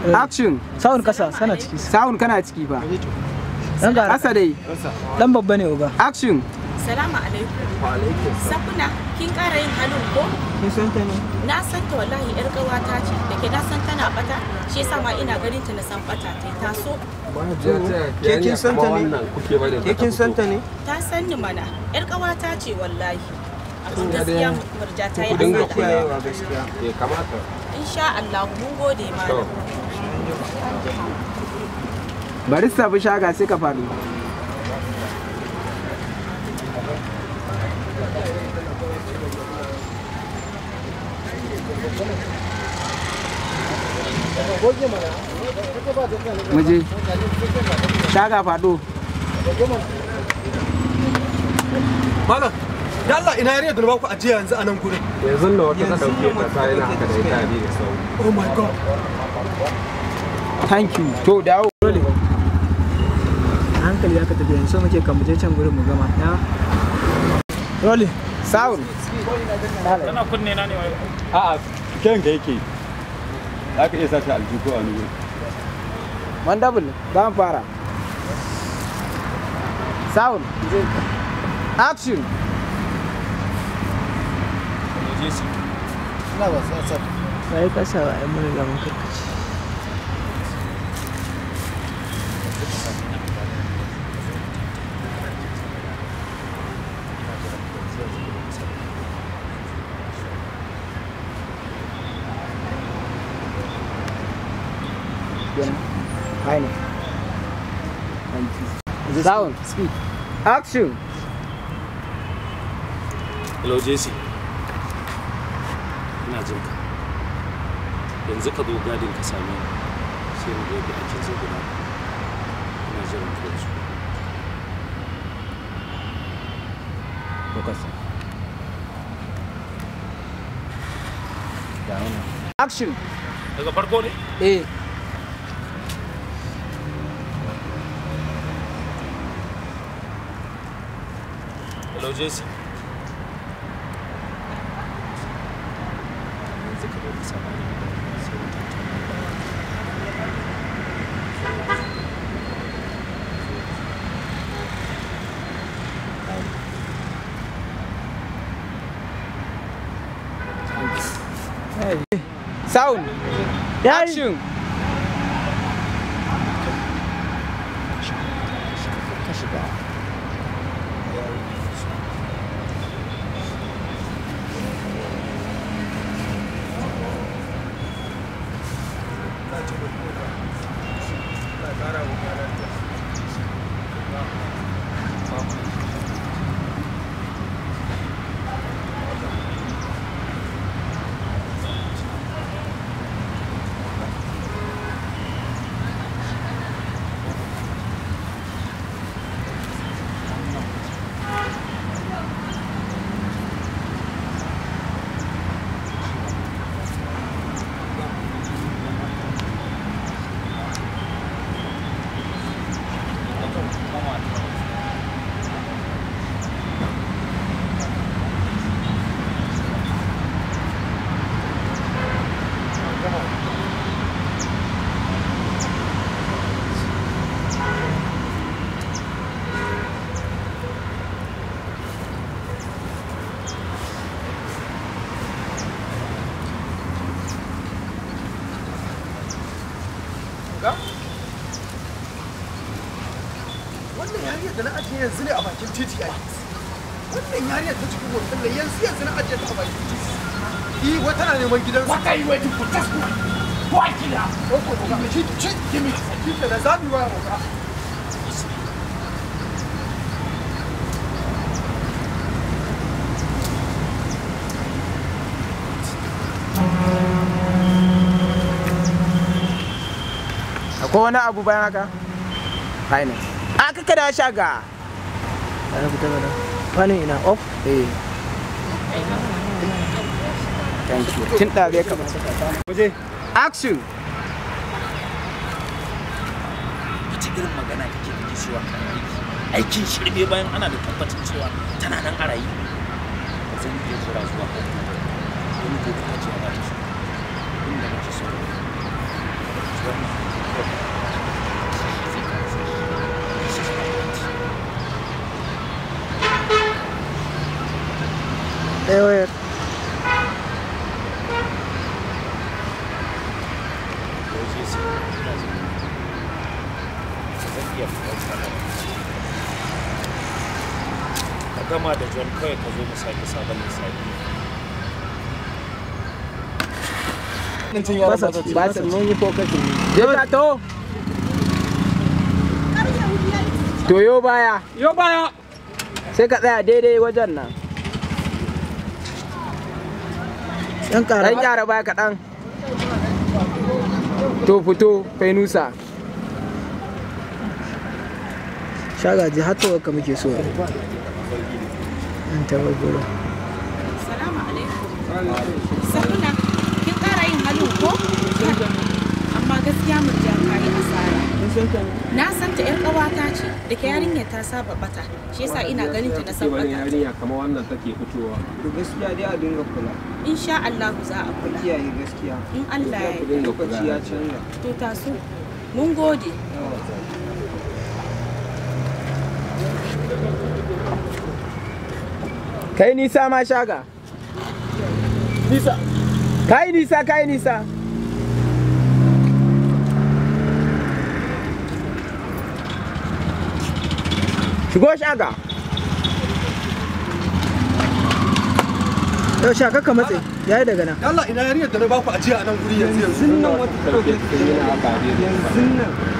Eh. action sawun kasa sana ciki sawun kana ciki fa dan gara kasa dai dan babba ne uba action salamu alaikum sakuna kin kara yin halin ko na san ta wallahi yar gawata ce da ke na san tana bata shi yasa ma ina ganin ta na san bata ta ta so ke kin san ta ne ke kin san ta ne ta san ni mana yar gawata ce wallahi abin gaskiya murja ta yi asara ya kamata insha Allah mun gode mana. bari su tafi shaga sai ka faru muje shaga fado malam yalla ina yare da ku ajiya yanzu a nan gurin yanzu na wata ta dauke ta sai na haka da ita ne da sau oh my god thank you to dawo dole hankali zaka tafi yanzu muke kan muje can gurin mu gama ya dole sawun kana kunne na ne wai a'a ken ga yake zaka iya sace aljiko a man double za mu fara sa'ul, action Na ba sa sa. Sai ka sa wa ai mun ga mun Kind of. Sound. Speed. Action. Hello, JC. Action. Eh. bridges. Sound. Yeah. Action. ga wannan yariyar da na ajiye yanzu ne a bakin titi a wannan yariyar ta cikin hotel ne yanzu yanzu na ajiye ta a bakin titi eh wata na neman gidan su wata yi wa wai duk ko a kila ko ko ga shi shi kimi shi ke na zabi wa ga ko wani abu bayan haka haini a kaka da shaga ana fita wani ina of eh thank you tun da bai waje action irin magana kake aikin shirme ana tana nan a rayu tsakiya ka gama da john kawai ka zo mu sake sabon lissafi to yo baya yo baya sai ka tsaya daidai wajen nan ɗan ƙara baya ɗan, to fito nusa. shagaji har tawarka muke so an tabar gurin salamu alaikum sabuna kin kara yin hannu ko amma gaskiya mun ja kayi asara na san ta yar kawata ce da ke yarinya ta saba bata shi yasa ina ganin ta na san bata yarinya kamar wannan take fitowa to gaskiya dai a dinga kula insha Allah za a kula kiyaye gaskiya in Allah ya yi lokaci ya canza to taso mun gode kai nisa ma shaga nisa kai nisa kai nisa shigo shaga yau shaga ka matse ya yi daga nan Allah ina yariyar da na baku ajiya a nan guri yanzu yanzu nan wata yanzu nan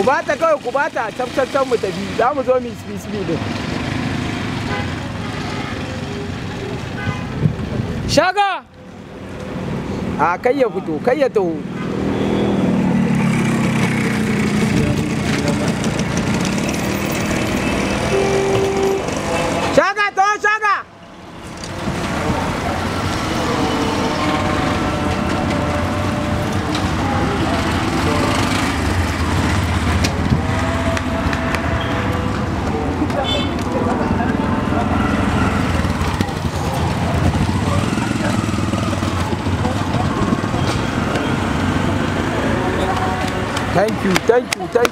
ku bata kawai ku bata tabtaccen mu tafi za mu zo mi spi din shaga a kai ya fito kai ya taho take